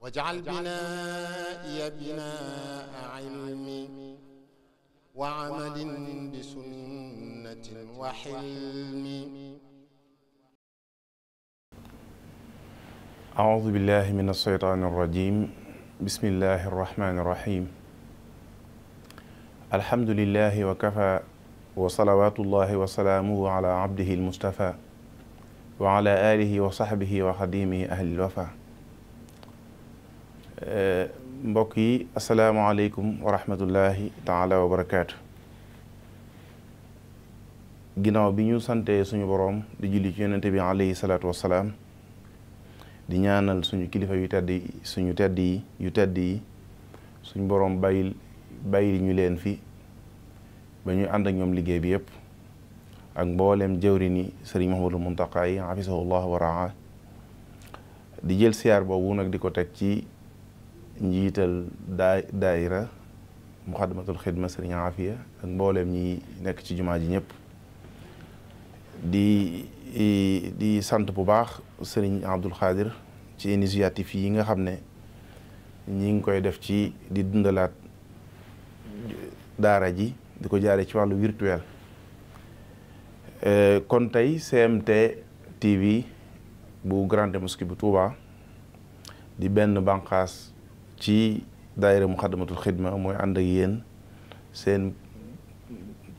واجعل بنائي بناء علم وعمل بسنة وحلم أعوذ بالله من الشيطان الرجيم بسم الله الرحمن الرحيم الحمد لله وكفى وصلوات الله وسلامه على عبده المصطفى وعلى آله وصحبه وخديمه أهل الوفا mbokk yi asalaamaaleykum wa rahmatullahi taala wa barakaatu ginnaaw bi ñu santee suñu boroom di julli ci yonente bi alayhi salaatu wasalaam di ñaanal suñu kilifa yu tedd suñu tedd yi yu tedd yi suñu boroom bàyyil bàyyil ñu leen fi ba ñuy ànd ak ñoom liggéey bi yépp ak mbooleem jëwri ni sëriñ Mahamadul Muntaqa yi xafisahu llah wa raa di jël siyaar boobu nag di ko teg ci njiital daa daayira muxadamatul xidma sëriñ Afia ak mbooleem ñi nekk ci jumaa ji ñëpp di di sant bu baax sëriñ Abdul Xaadir ci initiative yi nga xam ne ñi ngi koy def ci di dundalaat daara ji di ko jaaree ci wàllu virtuel e, kon tey GMT TV bu grand Mosquée bu Touba di benn bànqaas ci daayira Muxaddamatul Xidma mooy ànd ak yéen seen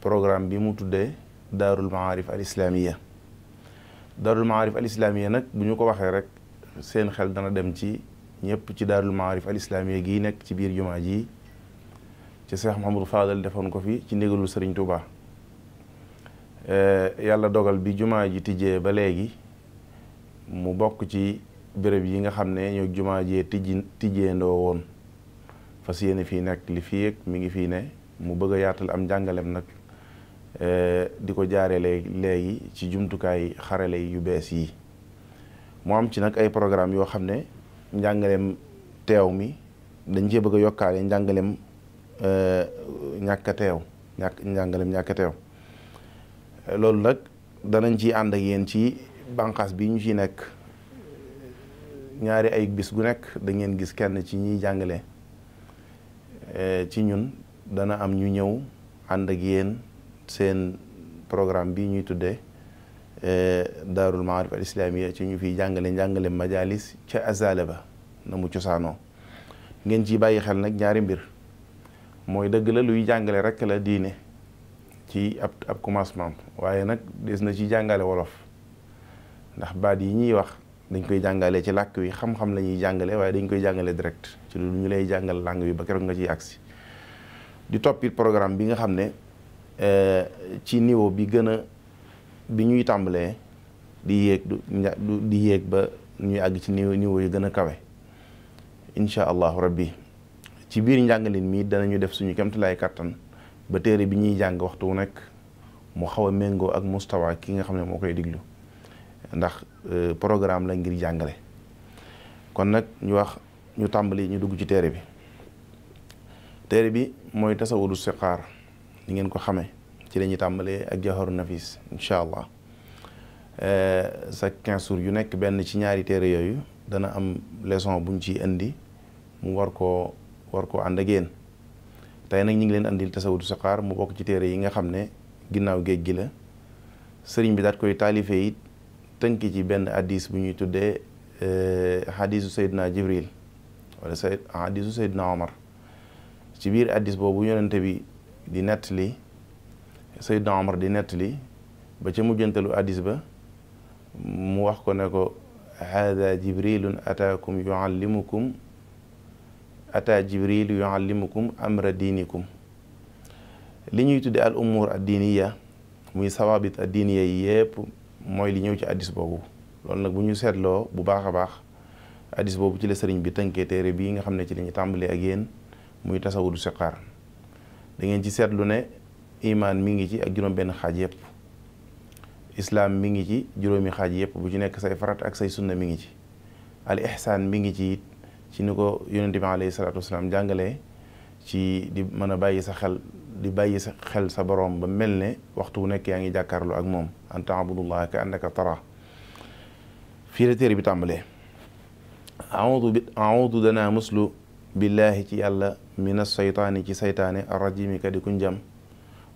programme bi mu tuddee daarul maarif al islamiya daarul maarif al islamiya nag bu ñu ko waxee rek seen xel dana dem ci ñëpp ci daarul maarif al islamiya gii nekk ci biir jumaa ji ci Seex Muhammadu Faadal defoon ko fi ci ndigalul Sëriñ Tuubaa eh, yàlla dogal bi jumaa ji tijjee ba léegi mu bokk ci béréb yi nga xam ne ñoo jumaa jee tijji tijjeendoo woon fas yéene fii nekk li fii mu ngi fii ne mu bëgg yaatal am jàngalem nag eh, di ko jaaree léegi ci jumtukaay xarale yu bees yi mu am ci nag ay programme yoo xam ne njàngaleem teew mi dañ cee bëgg yokkaale njàngaleem eh, ñàkk a teew ñàkk njàngaleem loolu nag danañ ci ànd ak yéen ci bànqaas bi ñu ci nekk ñaari ay bis gu nekk da ngeen gis kenn ci ñuy jàngale e, ci ñun dana am ñu ñëw ànd ak yéen seen programme bi ñuy tuddee daarul maarif al islamiya ci ñu fiy jàngale njàngale majalis ca azale ba na mu cosaanoo ngeen ci bàyyi xel nag ñaari mbir mooy dëgg la luy jàngale rek la diine ci ab ab commencement waaye nag des na ci jàngale wolof ndax baat yi ñuy wax dañ koy jàngalee ci làkk wi xam-xam la ñuy jàngale waaye dañ koy jàngale direct ci lu ñu lay jàngale langue bi ba keroog nga ciy agsi di toppit programme bi nga xam ne euh, ci niveau bi gën a bi ñuy tàmbalee di yéeg du di yéeg ba ñuy àgg ci niveau niveau yi gën kawe incha allahu rabbi ci biir njàngalin mi danañu def suñu kemtalaay kàttan ba téere bi ñuy jàng waxtu wu nekk mu xaw a méngoo ak mustawa ki nga xam ne moo koy diglu ndax Euh, programme la ngir jàngale kon nag ñu wax ñu tàmbali ñu dugg ci téere bi téere bi mooy tasawuru siqaar ni ngeen ko xamee ci la ñuy tàmbalee ak jaharu nafis incha allah euh, sa quinze jours yu nekk benn ci ñaari téere yooyu dana am leçon buñ ci indi mu war koo war ko ànd a yéen tey nag ñu ngi leen indil tasawuru siqaar mu bokk ci téere yi nga xam ne ginnaaw géej gi la sëriñ bi daat koy taalife it tënk ci benn hadis bu ñuy tuddee euh, hadisu Seydina Jibril wala say hadisu Seydina Omar ci biir hadis boobu yonente bi di nettali Seydina Omar di nettali ba ca mujjantalu hadis ba mu wax ko ne ko haada jibrilun ataakum yuallimukum ataa jibril yuallimukum amra diinikum li ñuy tudde al umuur ad diiniya muy sawaabit ad diiniya yi yépp mooy li ñëw ci addis boobu loolu nag bu ñu seetloo bu baax a baax addis boobu ci la sëriñ bi tënkee téere bii nga xam ne ci la ñu tàmbalee ak yéen muy tasawudu siqaar dangeen ci seetlu ne imaan mi ngi ci ak juróom-benn xaaj yëpp islaam mi ngi ci juróomi xaaj yëpp bu ci nekk say farat ak say sunna mi ngi ci al ihsaan mi ngi ci it ci ni ko yonente bi alayhi salaatu wasalaam ci di mën a bàyyi sa xel di bàyyi sa xel sa boroom ba mel ne waxtu wu nekk yaa ngi jàkkaarloo ak moom an taabudullaha ka annaka tara fii la téere bi tàmbalee a bi audu danaa billaahi ci yàlla min asaytaani ci saytaane arrajimi ka di ku njam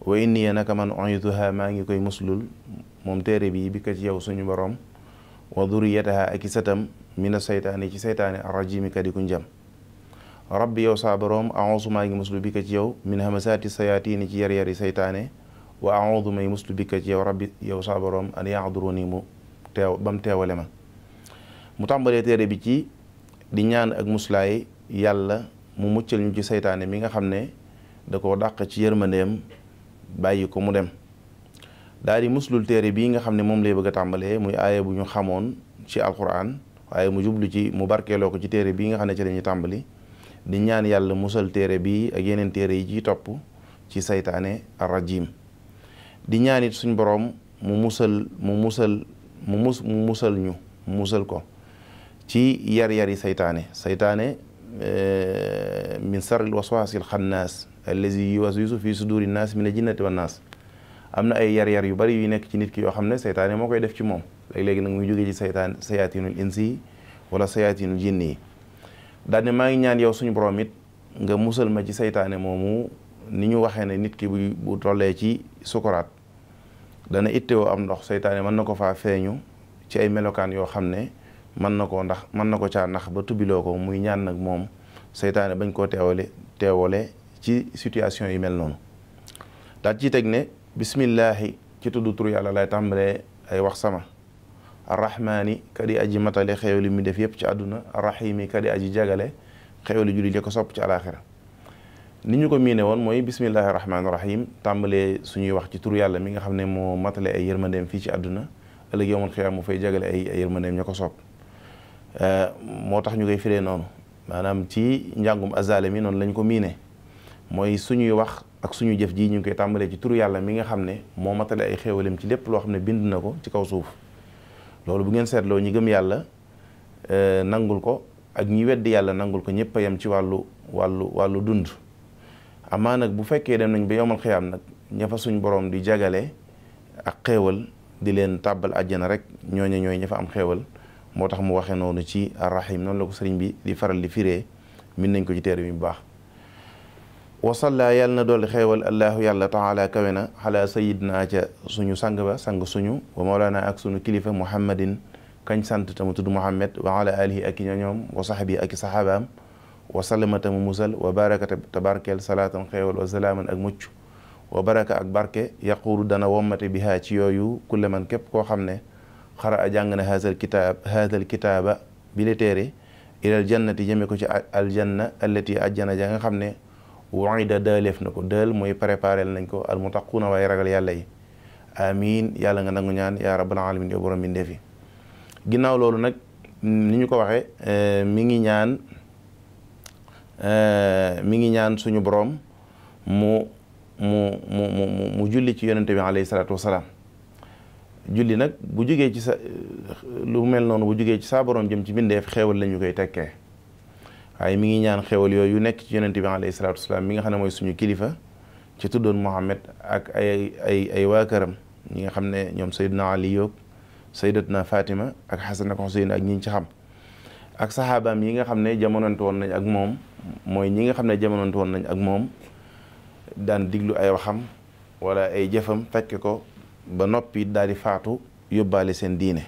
wa inniya naka man uiduha maa ngi koy muslul moom téere bi bi ko ci yow suñu boroom wa duriyataha ak i satam min asaytaani ci saytaane arrajimi ka di ku rabbi yow saa boroom maa ngi muslu bika ci yow min hamasaati sayaatiini ci yar yari saytaane wa aawuzu may muslu bika ci yow rabbi yow saa boroom an yahduruni mu teew ba mu teewale ma mu tàmbalee téere bi ci di ñaan ak muslaay yàlla mu muccal ñu ci saytaane mi nga xam ne da ko dàq ci yërmandeem bàyyi ko mu dem daal di muslul téere bii nga xam ne moom lay bëgg tàmbalee muy aaya bu ñu xamoon ci alquran waaye mu jublu ci mu barkeeloo ko ci téere bii nga xam ne ci la tàmbali di ñaan yàlla musal téere bi ak yeneen téere yi ci topp ci saytaane arrajim di ñaan it suñ boroom mu musal mu musal mu mus musal ñu mu musal ko ci yar-yari saytaane saytaane eh, min sarril waswaasil xannaas allazi yuwaswisu fi suduri naas min al jinnati wan naas am na ay yar-yar yu bari yu nekk ci nit ki yoo xam ne saytaane moo koy def ci moom léeg-léegi nag muy jógee ci saytaan sayatinul insi wala sayatinul jinni yi daal maa ngi ñaan yow suñu borom it nga musal ma ci saytaane moomu ni ñu waxee ne nit ki bu bu tollee ci sukuraat dana ittewoo am ndox seytaane mën na ko faa feeñu ci ay melokaan yoo xam ne mën na ko ndax mën na ko caa ndax ba tubiloo ko muy ñaan nag moom saytaane bañ koo teewale teewale ci situation yi mel noonu daal ci teg ne bismillahi ci tudd tur yàlla lay tàmbalee ay wax sama arrahmaani kadi aji matale xéewali mi def yëpp ci àdduna arrahimi kadi aji jagale xéewali jullit yi ko sopp ci alaxira ni ñu ko miine woon mooy bismillahi rahmaani rahim tàmbalee suñuy wax ci tur yàlla mi nga xam ne moo matale ay yërmandeem fii ci àdduna ëllëg yowmal xiyaam fay jagale ay ay yërmandeem ña ko sopp euh, moo tax ñu koy firee noonu maanaam ci njàngum azale mi noonu lañ ko miine mooy suñuy wax ak suñu jëf ji ñu ngi koy tàmbalee ci turu yàlla mi nga xam ne moo matale ay xéewalam ci lépp loo xam ne bind na ko ci kaw suuf loolu bu ngeen seetloo ñi gëm yàlla euh, nangul ko ak ñi weddi yàlla nangul ko ñëpp a yem ci wàllu wàllu wàllu dund amaa nag bu fekkee dem nañ ba yomal xiyaam nag ña fa suñ borom di jagale ak xéewal di leen tàbbal àjjana rek ñooña ñooy ña fa am xéewal moo tax mu waxee noonu ci arrahim noonu la ko sëriñ bi di faral di fiire min nañ ko ci teer bi bu baax wasalla yàlla na dolli xeewal allaahu yàlla taala kawe xalaa sayidna ca suñu sang ba sang suñu wa mawlaana ak suñu kilifa muhammadin kañ sant tamu tudd muhammad wa ala alihi ak i ñoñoom wa saxbi ak i saxaabaam wa sallama tamu musal wa baraka tabarkel barke yaquulu dana wommate bihaa ci yooyu kulle man képp koo xam ne xara a jàng na haasal kitaaba bi le jannati jëme ko ci aljanna allati ajjana ja xam ne waida dëleef na ko dël mooy préparé nañ ko al mutaquuna waaye ragal yàlla yi amin yàlla nga nangu ñaan yaa rabbal alamin yow borom mbindeef yi ginnaaw loolu nag ni ñu ko waxee eh, mi ngi ñaan eh, mi ngi ñaan suñu borom mu mu mu mu mu julli ci yonente bi alayhi salaatu wasalaam julli nag bu jugee ci sa lu mel noonu bu jugee ci sa borom jëm ci mbindeef xéewal lañu koy tekkee waaye mi ngi ñaan xewal yooyu nekk ci yonente bi alayhi salaatu wasalaam mi nga xam ne mooy suñu kilifa ci tuddoon Muhammad ak ay ay ay waa këram ñi nga xam ne ñoom Seydina Ali yoog Seydatna Fatima ak Xasan ak Xuseyn ak ñi ci xam ak saxaabaam yi nga xam ne jamonante woon nañ ak moom mooy ñi nga xam ne jamonante woon nañ ak moom daan diglu ay waxam wala ay jëfam fekke ko ba noppi daal di faatu yóbbaale seen diine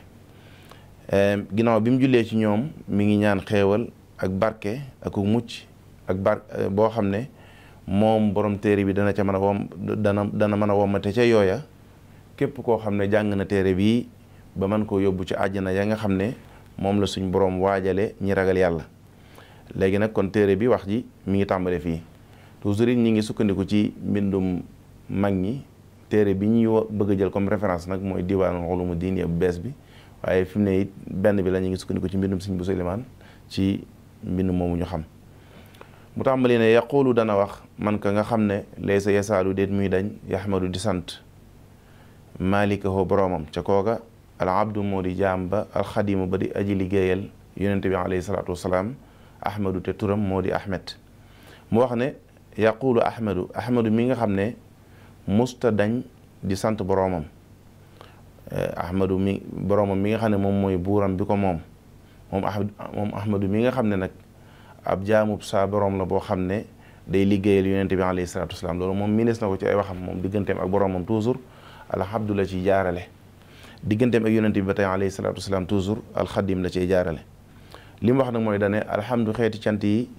ginnaaw bi mu jullee ci ñoom mi ngi ñaan xeewal ak barke ak mucc ak bar boo xam ne moom borom téere bi dana ca mën a wom dana dana mën a womate ca yooya képp koo xam ne jàng na téere bii ba mën koo yóbbu ci àjjana ya nga xam ne moom la suñ borom waajale ñi ragal yàlla léegi nag kon téere bi wax ji mu ngi tàmbale fii toujours it ñu ngi sukkandiku ci mbindum mag ñi téere bi ñuy bëgg a jël comme référence nag mooy diwaanul ulumu diine bu bees bi waaye fi mu ne it benn bi la ñu ngi sukkandiku ci mbindum Sëriñ bu ci mbind moomu ñu xam mu tàmbali ne yaqulu dana wax man ka nga xam ne laysa yasaalu déet muy dañ yaxmadu di sant malikahu boroomam ca kooka al abdu moo di jaam ba alxadimu ba di aji liggéeyal yonente bi alayhi salaatu wasalaam ahmadu te turam moo di ahmed mu wax ne yaqulu ahmadu ahmadu mi nga xam ne musta dañ di sant boroomam eh, ahmadu mi boroomam mi nga xam ne moom mooy buuram bi ko moom moom ahmad moom ahmadu mi nga xam ne nag ab jaamub saa borom la boo xam ne day liggéeyal yonente bi alayhi salatu wasalaam loolu moom miinees na ko ay waxam moom digganteem ak boromam toujours alhamdu la ciy jaarale digganteem ak yonente bi ba tey alayhi salatu wasalaam toujours alxadim la ciy jaarale li mu wax nag mooy dane alhamdu xeeti cant yi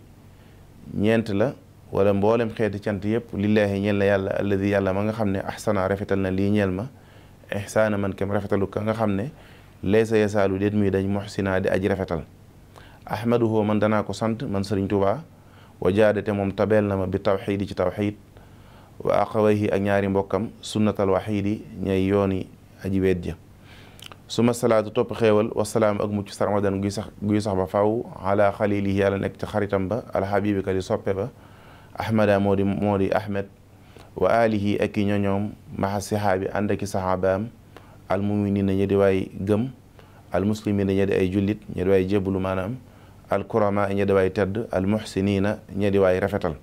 ñeent la wala mboolem xeeti cant yëpp lillaahi ñeel na yàlla alladi yàlla ma nga xam ne ahsana rafetal na lii ñeel ma ihsaana man kam rafetalu ka nga xam ne laysa yasaalu déet muy dañ muxsinaa di aji rafetal ahmaduhu man danaa ko sant man sëriñ tubaa wa jaadate moom tabeel na ma bi tawxiidi ci tawxiid wa aqawayhi ak ñaari mbokkam sunnatal waxiidi ñay yooni aji weet ja suma topp xéewal wasalaam ak mucc sarmadan guy sax guy sax ba faw ala xalilihi yàlla nekk ci xaritam ba alxabibika di soppe ba ahmada moo ahmed wa alihi ak i ñoñoom maxa sihaabi ànd almuminina ñi di waay gëm almuslimina ñi di ay jullit ñi waay jébbalu maanaam alkurama ñi di waay tedd almuhsinina ñi di waay rafetal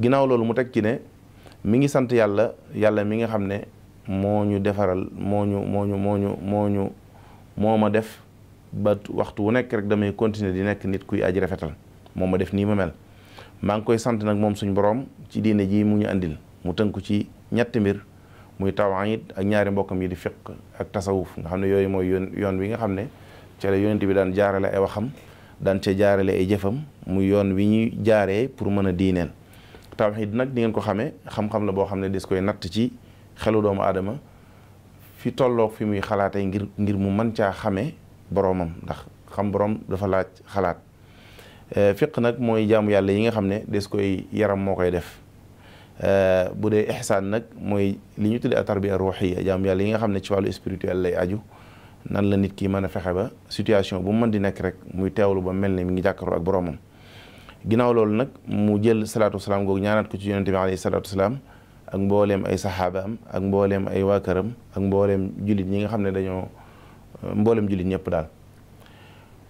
ginnaaw loolu mu teg ci ne mi ngi sant yàlla yàlla mi nga xam ne moo ñu defaral moo ñu moo ñu moo ñu moo ma def ba waxtu wu nekk rek damay continuer di nekk nit kuy aj rafetal moo ma def nii ma mel maa ngi koy sant nag moom suñu boroom ci diine ji mu ñu indil mu tënku ci ñetti mbir muy tawhid ak ñaari mbokkam yi di fiq ak tasawuf nga xam ne yooyu mooy yoon yoon wi nga xam ne cere la yonent bi daan jaarale ay waxam daan ca jaarale ay jëfam muy yoon wi ñuy jaaree pour mën a diineel tawhid nag di ngeen ko xamee xam-xam la boo xam ne des koy natt ci xelu doomu aadama fi tolloog fi muy xalaatee ngir ngir mu mën caa xamee boroomam ndax xam boroom dafa laaj xalaat eh, fiq nag mooy jaamu yàlla yi nga xam ne des koy yaram moo koy def Euh, bu dee ihsaan nag mooy li ñu tuddee tarbiya ruuxiya jaam yàlla yi nga xam ne ci wàllu spirituel lay aju nan la nit ki mën a fexe ba situation bu mu mën di nekk rek muy teewlu ba mel ne mi ngi jàkkaarloo boromam. ginnaaw loolu nag mu jël salaatu salaam googu ñaanaat ko ci yonente bi alayhi ak booleem ay saxaabaam ak mbooleem ay waa këram ak mbooleem jullit ñi nga xam ne dañoo mbooleem jullit ñëpp daal.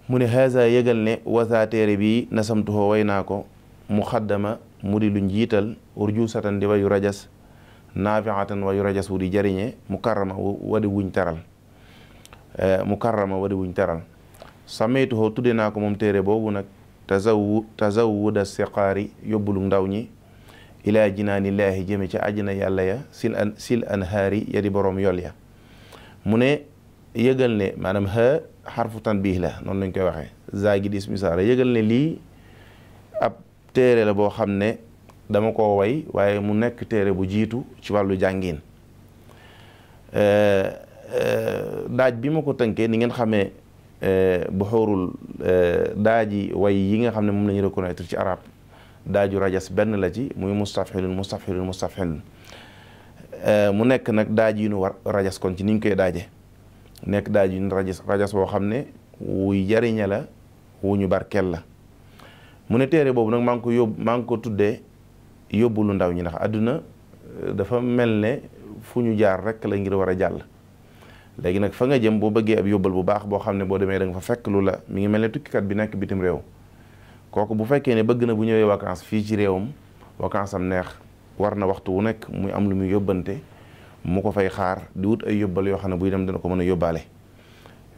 mu ne haza yëgal ne wasaa téere bii nasamtuhoo way naa ko mu xaddama mu di luñ jiital urjuusatan di wayu rajas naafiatan wayu rajas wu di jariñe wa wadi wuñ teral e, mukarrama wadi wuñ teral samaytuhu tudde naa ko moom téere boobu nag tazawu tazawuda siqaari yóbbulum ndaw ñi ilaa jinaanillaahi jëme ci àjjana yàlla ya sil an sil anhaari ya di boroom yol ya mu ne yëgal ne maanaam ha xarfu tanbiih la noonu lañ koy waxee zaagi dis misaara yëgal ne lii téere la boo xam ne dama ko way waaye mu nekk téere bu jiitu ci wàllu jàngin euh, euh, daaj bi ma ko tënkee ni ngeen xamee euh, bu xóorul daaji way yi nga xam ne moom lañu ñu reconnaître ci arab daaju rajas benn la ci muy mustafxilun mustafxilun mustafxilun mu nekk nag daaj yu nu war rajas kon ci niñ ñu koy daaje nekk daaj yi nu rajas rajas boo xam ne wuy jariña la wu ñu barkeel la mu ne téere boobu nag maa ngi ko yóbbu maa ngi ko tuddee yóbbu lu ndaw ñi ndax àdduna euh, dafa mel ne fu ñu jaar rek la ngir war a jàll léegi nag fa nga jëm boo bëggee ab yóbbal bu baax boo xam ne boo demee da nga fekk lu la mi ngi mel ne tukkikat bi nekk bitim réew kooku bu fekkee ne bëgg na bu ñëwee vacances fii ci réewam vacances am neex war na waxtu wu nekk muy am lu muy yóbbante mu ko fay xaar di wut ay yóbbal yoo xam ne buy dem dana ko mën a yóbbaale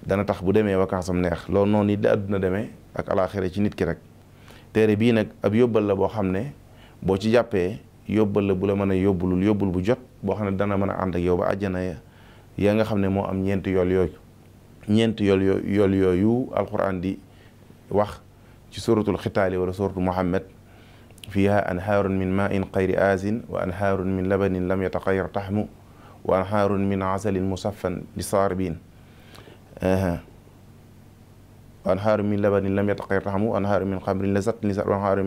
dana tax bu demee vacances am neex loolu noonu it la àdduna demee ak alaaxira ci nit ki rek téere bii nag ab yóbbal la boo xam ne boo ci jàppee yóbbal la bu la mën a yóbbulul yóbbul bu jot boo xam ne dana mën a ànd ak yow ba àjjana ya nga xam ne moo am ñeenti yool yooyu ñeenti yool yooyu alquran di wax ci suratul xitaali wala suratu muhammad fiha anhaarun min main xayri aasin wa anhaarun min labanin lam yataxayar taxmu wa anhaarun min asalin musaffan di saarbin wa anhaaru min labanin lam yataqir taxamu wa anhaaru min xamrin lasatin lisa wa anhaaru anhaaru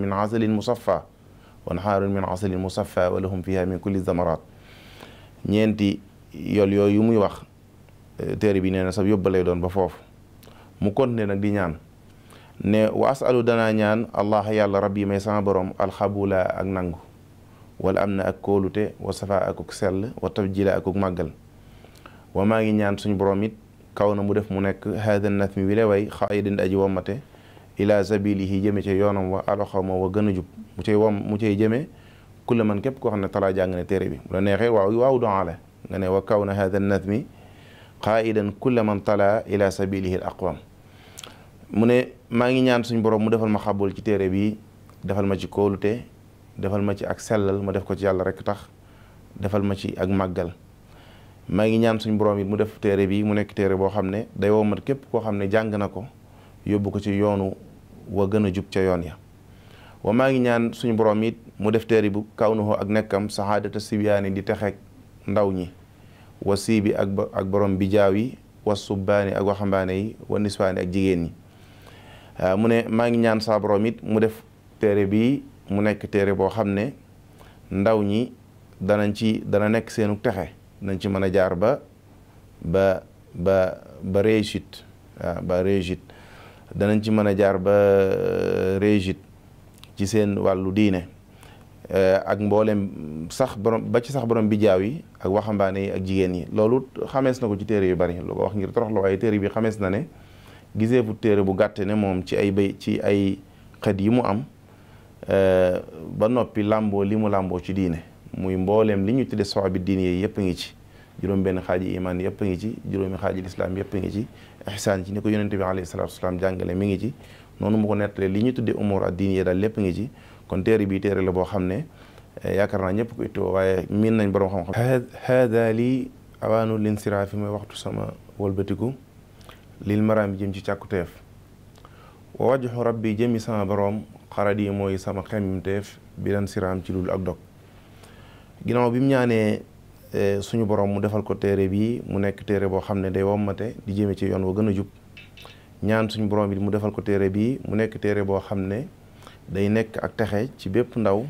min asalin musaffa wa lahum fiha min kulli zamarat ñeenti yool yooyu muy wax téere bi nee na sab yóbba doon ba foofu mu continué nag di ñaan ne wa asalu danaa ñaan allah yàlla rabbi may sama borom alxabula ak nangu wala am na ak kóolute wa safa akuk sell wa tabjila akuk màggal wa maa ngi ñaan suñu borom kaw na mu def mu nekk haada naf mi wi le way xaayidin aji wommate ila sabilihi jëme ca yoonam wa alaxawma wa gën a jub mu cay wom mu cay jëmee kulla man képp koo xam ne talaa jàng téere bi bu la neexee waaw waaw doxale nga ne wa kaw na haada nadmi xaayidan kulla man talaa tala ila sabilihi al aqwam mu ne maa ngi ñaan suñ borom mu defal ma xabul ci téere bi defal ma ci koolute defal ma ci ak sellal ma def ko ci yàlla rek tax defal ma ci ak màggal maa ngi ñaan suñu borom yi mu def téere bi mu nekk téere boo xam ne day womat képp koo xam ne jàng na ko yóbbu ko ci yoonu wa gën a jub ca yoon ya wa maa ngi ñaan suñu borom it mu def téere bu kaw na ak nekkam saxaadata sibyaani di texeek ndaw ñi wa siibi ak ak borom bijaaw yi wa subbaani ak waxambaane yi wa ak jigéen ñi mu ne maa ngi ñaan saa mu def téere bi mu nekk téere boo xam ne ndaw ñi danañ ci dana nekk seenu texe nañ ci mën a jaar ba ba ba ba réussite ba réussite danañ ci mën a jaar ba euh, réussite ci seen wàllu diine euh, ak mboolem sax borom ba ci sax borom bi jaaw yi ak waxambaane yi ak jigéen yi loolu xamees na ko ci téere yu bari lu ko wax ngir torox la waaye téere bi xamees na ne gisee bu téere bu gàtte ne moom ci ay bay ci ay xet yi mu am euh, ba noppi làmboo li mu làmboo ci diine muy mboolem li ñu tudde soobi diine yi yëpp a ngi ci juróom benn xaaji imaan yëpp a ngi ci juróomi xaaji lislaam yëpp ngi ci ihsaan ci ni ko yonente bi alayhi salaatu wasalaam jàngale mi ngi ci noonu mu ko nettalee li ñu tuddee umur ak diine lépp a ci kon téere bi téere la boo xam ne eh, yaakaar naa ñëpp ko waaye miin nañ borom xam-xam haada lii awaanu linsiraafi mooy waxtu sama walbatiku lil maraam bi jëm ci càkkuteef wa wajhu sama borom xarat yi mooy sama xemmimteef bi lan siraam ci lul ak dog ginnaaw bi mu ñaanee eh, suñu borom mu defal ko téere bi mu nekk téere boo xam ne day wommate di jëme ci yoon woo gën a jub ñaan suñu borom bi mu defal ko téere bii mu nekk téere boo xam ne day nekk ak texe ci bépp ndaw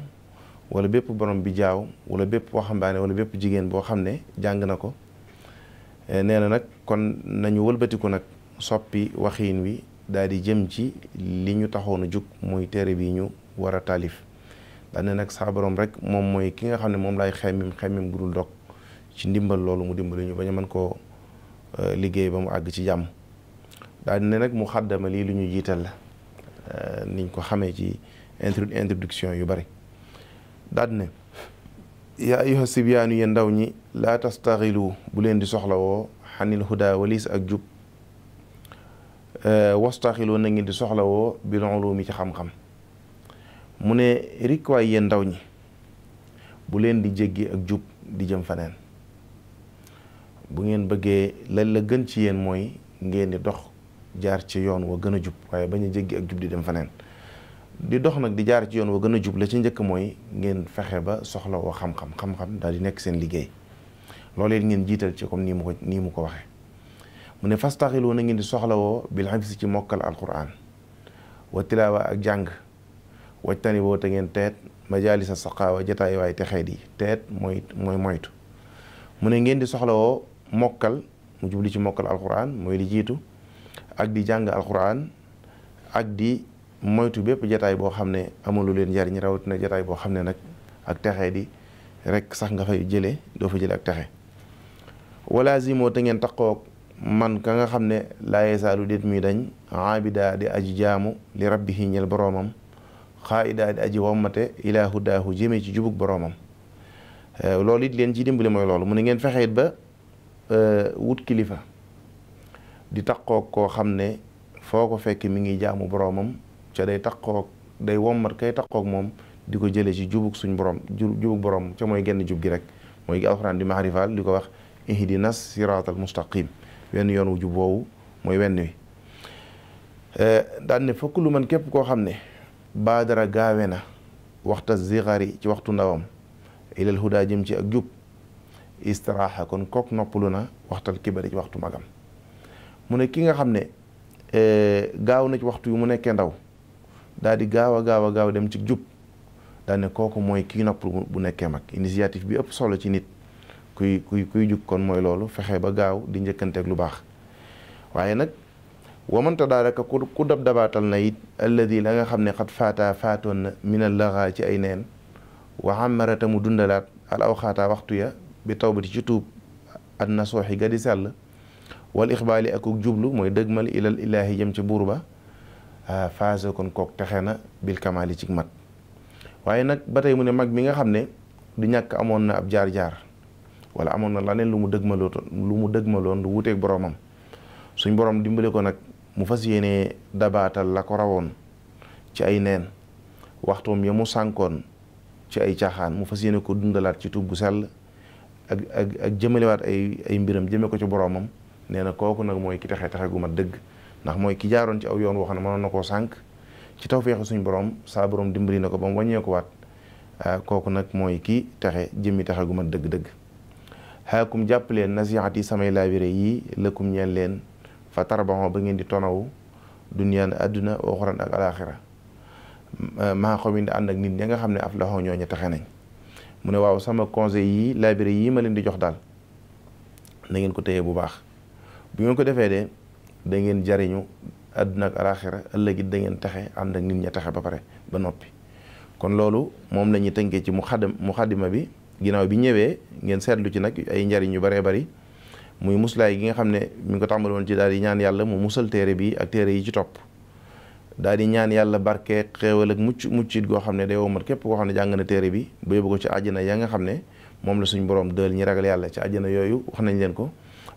wala bépp borom bi jaaw wala bépp waxambaane wala bépp jigéen boo xam ne jàng na ko eh, nee na nag kon nañu walbatiku nag soppi waxiin wi daal di jëm ci li ñu taxoon a jug muy téere bi ñu war a taalif daan nag saa borom rek moom mooy ki nga xam ne moom laay xemmim xemmim gudul dog ci ndimbal loolu mu dimbali ñu ba ñu mën koo euh, liggéey ba mu àgg ci jàmm daal nag mu xàddama lii lu ñu jiital la euh, niñ ko xamee ci introduction yu bari daal ne yaa ayyuha sibyaanu yéen ndaw ñi laa tastaxilu bu leen di soxlawoo xanil huda walis ak jub euh, wastaxilu na ngeen di soxlawoo bil ulumi ci xam-xam mu ne rikwaay yéen ndaw ñi bu leen di jéggi ak jub di jëm faneen bu ngeen bëggee lan la gën ci yéen mooy ngeen di dox jaar ci yoon wa gën a jub waaye bañ a ak jub di dem faneen di dox nag di jaar ci yoon wa gën a jub la ci njëkk mooy ngeen fexe ba soxla woo xam-xam xam-xam daal di nekk seen liggéey loolu it ngeen jiital ci comme nii mu ko nii mu ko waxee mu ne fastaxiloo na ngeen di soxlawoo woo bil hifsi ci mokkal alquran wa tilaawa ak jàng wajtani boo te ngeen teet majaalisa saqaawa jataay waay te xeet yi teet mooy mooy moytu mu ne ngeen di soxlawoo mokkal mu jubli ci mokkal alxuraan mooy li jiitu ak di jàng alxuraan ak di moytu bépp jataay boo xam ne amulu leen njariñ rawatina jataay boo xam ne nag ak texee di rek sax nga fay jële doo fa jëlee ak texe wala zimoo te ngeen taqoog man ka nga xam ne laa yesaalu déet muy dañ abida di aj jaamu li rabbihi ñel boroomam xaaida di aji wommate ilaa hudaahu jëmee ci jubug boroomam euh, loolu it leen ci dimbali mooy loolu mu ne ngeen fexeet ba euh, wut kilifa di taqoog koo xam ne foo ko fekk mi ngi jaamu boroomam ca day taqoog day wommat kay taqoog moom di ko jëlee ci jubug suñ borom jubug borom ca mooy genn jub gi rek mooy gi alxuraan di maarifal di ko wax ihdinas siraatal mustaqim wenn yoon wu jub woowu mooy wenn wi euh, daan ne fokk lu man képp koo xam ne baa dara gaawe na waxta zigari ci waxtu ndawam ilal daa jëm ci ak jub istiraaxa kon kook noppalu na waxtal kibari ci waxtu magam mu ne ki nga xam ne e, gaaw na ci waxtu yu mu nekkee ndaw daal di gaaw a gaaw a gaaw dem ci jub daal ne kooku mooy kii noppalu bu nekkee mag initiative bi ëpp solo ci nit kuy kuy kuy jug kon mooy loolu fexe ba gaaw di njëkkanteeg lu baax waaye nag wa man tadaaraka ku ku dab dabaatal na it alladi la nga xam ne xat faata faatoon na minal laxaa ci ay neen wa amarata mu dundalaat al awxaata waxtu ya bi tawbati ci tuub an nasooxi ga di sell wal ixbaali akuk jublu mooy dëgmal ilal ilaahi jëm ci buur ba faase kon kook texe na bil kamaali ci mat waaye nag ba tey mu ne mag mi nga xam ne du ñàkk amoon na ab jaar-jaar wala amoon na laneen lu mu dëgmalootoon lu mu dëgmaloon lu wuteeg boroomam suñ borom dimbale ko nag mu fas yéene dabaatal la ko rawoon ci ay neen waxtoom ya mu sànkoon ci ay caaxaan mu fas yéene ko dundalaat ci tub gu sell ak ak ak jëmalewaat ay ay mbiram jëme ko ci boroomam nee na kooku nag mooy ki texe texe gu dëgg ndax mooy ki jaaroon ci aw yoon woo xam ne na koo sànq ci tawfeexu suñu borom saa borom dimbali na ko ba wàññeeku waat ah, kooku nag mooy ki texe jëmmi texe gu mat dëgg-dëgg xaakum jàpp leen nasihat yi samay laabire yi lëkkum ñeen leen fa tarbaxon ba ngeen di tonawu duniyaan àdduna waxuran ak alaxira ma xaw ànd ak nit ña nga xam ne af laxoo ñoo ñu taxe nañ mu ne waaw sama conseil yi laabire yii ma leen di jox daal na ngeen ko téye bu baax bu ngeen ko defee de da ngeen jariñu àdduna ak alaxira ëllëg it taxe ànd ak nit ña taxe ba pare ba noppi kon loolu moom lañuy tënkee ci mu xaddam mu xaddima bi ginnaaw bi ñëwee ngeen seetlu ci nag ay njariñ yu baree bari muy muslaay gi nga xam ne mu ngi ko tàmbali woon ci daal di ñaan yàlla mu musal téere bi ak téere yi ci topp daal di ñaan yàlla barke xéewal ak mucc muccit goo xam ne day womat képp koo xam ne jàng téere bi ba yóbbu ko ci àjjana ya nga xam ne moom la suñ borom dël ñi ragal yàlla ci àjjana yooyu wax nañ leen ko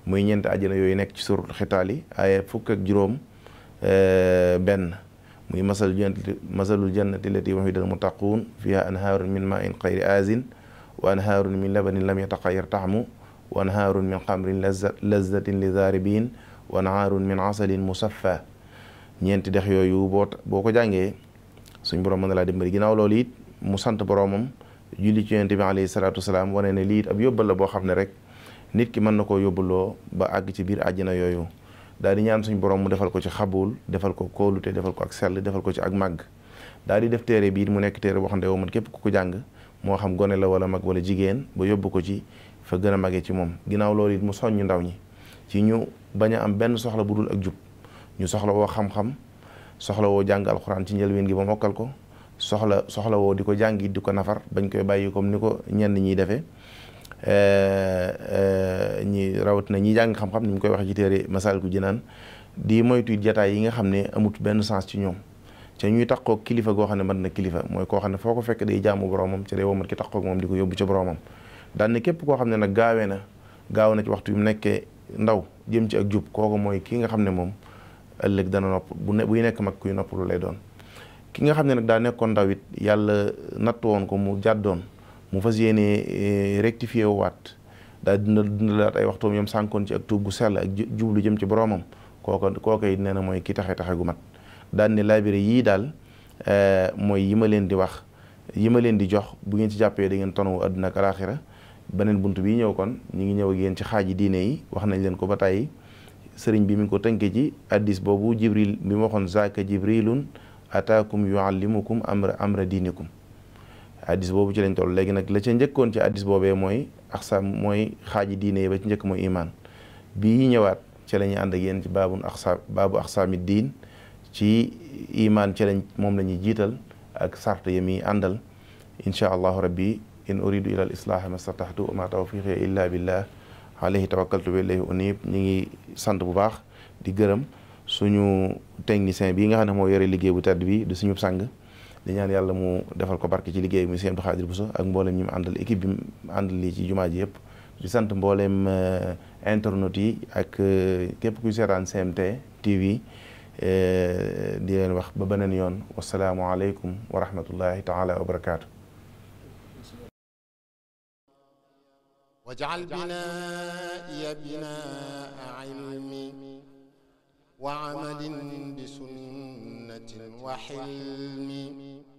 muy ñeenti àjjana yooyu nekk ci suratul xitaal yi ay fukk ak juróom eh, benn muy masal jannati masalul jannati lati mu muttaquun fiha anhaarun min ma in xayri asin wa anhaarun min labanin lam yataxayyar taxmu wa nahaarun min xamrin lazzatin li zaaribin wa nahaarun min asalin musaffa ñeenti dex yooyu boo boo ko jàngee suñ borom mën na laa dem dimbali ginnaaw loolu it mu sant boromam julli ci yonent bi alayhi salaatu wasalaam wane ne lii ab yóbbal boo xam ne rek nit ki mën na koo yóbbuloo ba àgg ci biir àjjana yooyu daal di ñaan suñ borom mu defal ko ci xabul defal ko kóolute defal ko ak sell defal ko ci ak màgg daal di def téere biir mu nekk téere boo xam ne yow man képp ku ko jàng moo xam gone la wala mag wala jigéen ba yóbbu ko ci fa gën a mage ci moom ginnaaw loolu it mu soññu ndaw ñi ci ñu bañ a am benn soxla bu dul ak jub ñu soxla woo xam-xam soxla woo jàng alxuraan ci njëlbeen gi ba mokkal ko soxla soxla woo di ko jàngi di ko nafar bañ koy bàyyi comme ni ko ñenn ñiy defee eh, eh, ñi rawatina ñi jàng xam-xam ni ñu koy wax ci téere Masaalikul Jinaan di moytu jataay yi nga xam ne amut benn sens ci ñoom. ca ñuy takkoog kilifa goo xam ne mën na kilifa mooy koo xam ne foo ko fekk day jaamu boromam ci réew man ki takkoog moom di ko yóbbu ca boromam daan képp koo xam ne nag gaawee na gaaw na ci waxtu yu mu ndaw jëm ci ak jub kooku mooy ki nga xam ne moom ëllëg dana nopp bu ne buy nekk mag kuy nopp lu lay doon ki nga xam ne nag daa nekkoon ndaw it yàlla natt woon ko mu jàddoon mu fas yéene eh, rectifié waat daa dina dundalaat ay waxtoom yom sànkoon ci ak tuub gu sell ak jublu jëm ci boromam kooka kooka it nee na mooy ki taxe taxe gu mat daan ne laabire yii daal eh, mooy yi ma leen di wax yi ma leen di jox bu ngeen ci jàppee da ngeen tonawu àdduna ak alaaxira beneen bunt bi ñëw kon ñu ngi ñëw ak yéen ci xaaji diine yi wax nañ leen ko ba tàyyi sëriñ bi mu ngi ko tënkee ci addis boobu jibril bi mu waxoon zaaka jibrilun ataakum yuallimukum amra amra diinikum addis boobu ci lañ toll léegi nag la ca njëkkoon ci addis boobee mooy axsaam mooy xaaji diine yi ba ci njëkk mooy imaan bii ñëwaat ci la ñuy ànd ak ci baabu axsaam baabu axsaami diin ci imaan ci lañ moom la ñuy jiital ak sart ya muy àndal inchaa allahu rabbi in uridu ila al islaaha mastatahtu wa ma tawfiqi illa billah alayhi tawakkaltu wa ilayhi unib ñu ngi sant bu baax di gërëm suñu technicien bii nga xam ne moo yore liggéey bu tedd bi du suñu sàng di ñaan yàlla mu defal ko barke ci liggéey bi monsieur Abdou Khadir Bousso ak mboolem ñi mu àndal équipe bi àndal lii ci jumaa ji yëpp di sant mbooleem euh, internet yi ak euh, képp kuy seetaan CMT Eh, di leen wax ba beneen yoon wasalaamualeykum wa rahmatullahi taala wa barakaatu واجعل بنائي بناء علم وعمل بسنة وحلم